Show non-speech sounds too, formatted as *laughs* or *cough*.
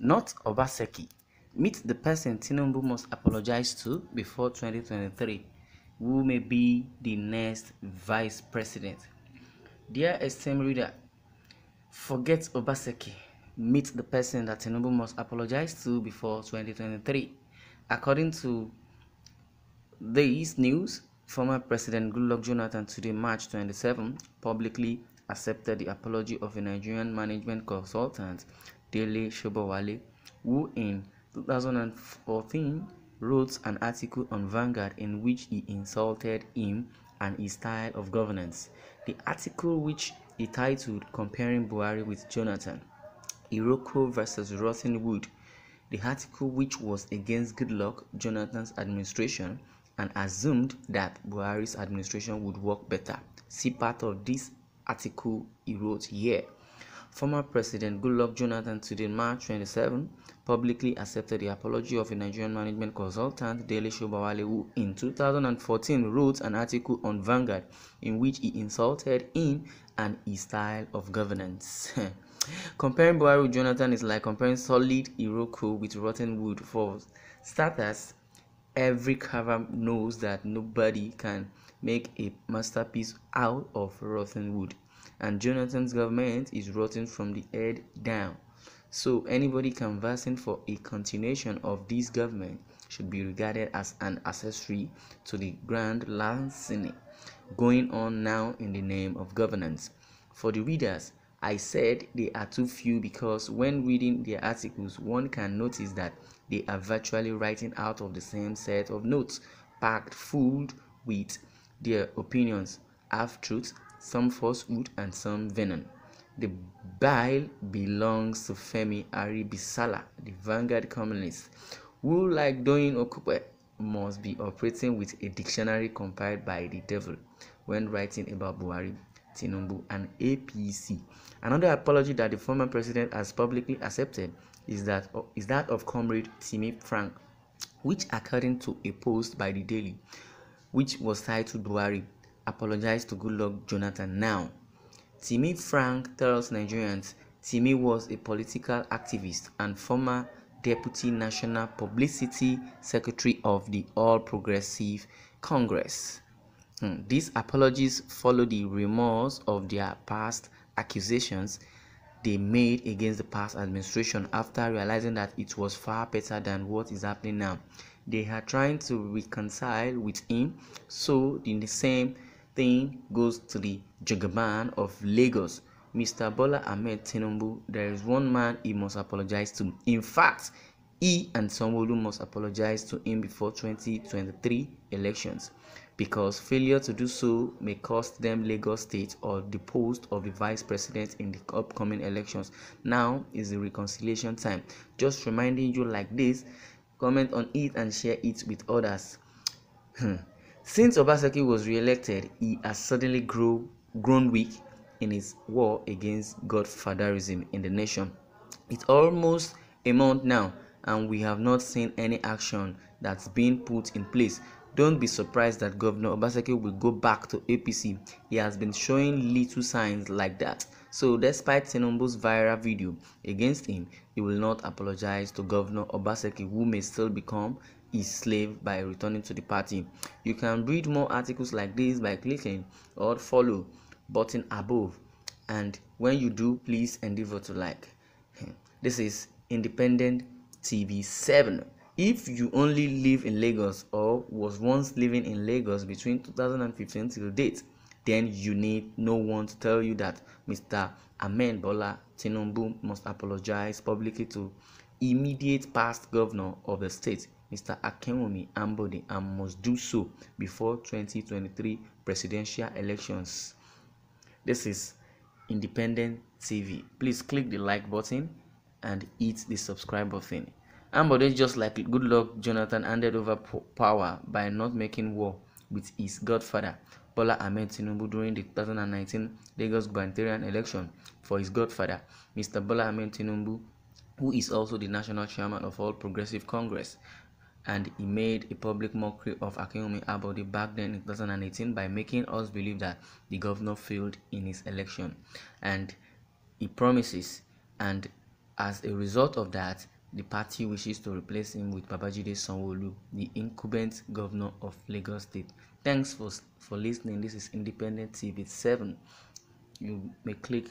Not Obaseki. Meet the person Tinubu must apologize to before 2023, who may be the next vice president. Dear esteemed reader, forget Obaseki. Meet the person that Tinubu must apologize to before 2023. According to this news, former President Goodluck Jonathan today, March 27, publicly accepted the apology of a Nigerian management consultant Dele Shobowale, who in 2014 wrote an article on Vanguard in which he insulted him and his style of governance. The article, which he titled Comparing Buhari with Jonathan, Iroko versus Wood. the article, which was against Goodluck Jonathan's administration and assumed that Buhari's administration would work better. See part of this article he wrote here. Former President Goodluck Jonathan today, March 27, publicly accepted the apology of a Nigerian management consultant, Dele Shobawale, who in 2014 wrote an article on Vanguard in which he insulted him and his style of governance. *laughs* comparing Buhari with Jonathan is like comparing solid Iroko with rotten wood. For starters, every carver knows that nobody can make a masterpiece out of rotten wood and Jonathan's government is rotten from the head down. So anybody canvassing for a continuation of this government should be regarded as an accessory to the grand larceny going on now in the name of governance. For the readers, I said they are too few because when reading their articles, one can notice that they are virtually writing out of the same set of notes, packed full with their opinions, half truths, some falsehood, and some venom. The bile belongs to Femi Aribisala, the vanguard communist, who, like doing Okupe, must be operating with a dictionary compiled by the devil when writing about Buhari, Tinubu, and APC. Another apology that the former president has publicly accepted is that is that of Comrade Timmy Frank, which, according to a post by the Daily, which was titled Buhari Apologize to Goodluck Jonathan now. Timmy Frank tells Nigerians Timmy was a political activist and former Deputy National Publicity Secretary of the All Progressive Congress. Hmm, these apologies follow the remorse of their past accusations they made against the past administration after realizing that it was far better than what is happening now. They are trying to reconcile with him, so in the same thing goes to the Jugaban of Lagos. Mr. Bola Ahmed Tinubu, there is one man he must apologize to. In fact, he and sanwo must apologize to him before 2023 elections because failure to do so may cost them Lagos State or the post of the vice president in the upcoming elections. Now is the reconciliation time. Just reminding you like this, comment on it and share it with others. Hmm. Since Obaseki was re-elected, he has suddenly grown weak in his war against godfatherism in the nation. It's almost a month now and we have not seen any action that's been put in place. Don't be surprised that Governor Obaseki will go back to APC. He has been showing little signs like that. So despite Tenombo's viral video against him, he will not apologize to Governor Obaseki who may still become his slave by returning to the party. You can read more articles like this by clicking or follow button above and when you do please endeavor to like. *laughs* This is Independent TV 7. If you only live in Lagos or was once living in Lagos between 2015 till date, then you need no one to tell you that Mr. Amen Bola Tinubu must apologize publicly to immediate past governor of the state Mr. Akinwumi Ambode and must do so before 2023 presidential elections. This is Independent TV. Please click the like button and hit the subscribe button. Ambode just like good luck Jonathan handed over power by not making war with his godfather Bola Ahmed Tinubu during the 2019 Lagos gubernatorial election for his godfather Mr. Bola Ahmed Tinubu who is also the national chairman of All Progressive Congress and he made a public mockery of Akinwumi Abode back then in 2018 by making us believe that the governor failed in his election and he promises and as a result of that the party wishes to replace him with Babajide Sanwo-Olu, the incumbent governor of Lagos State. Thanks for for listening. This is Independent TV 7. You may click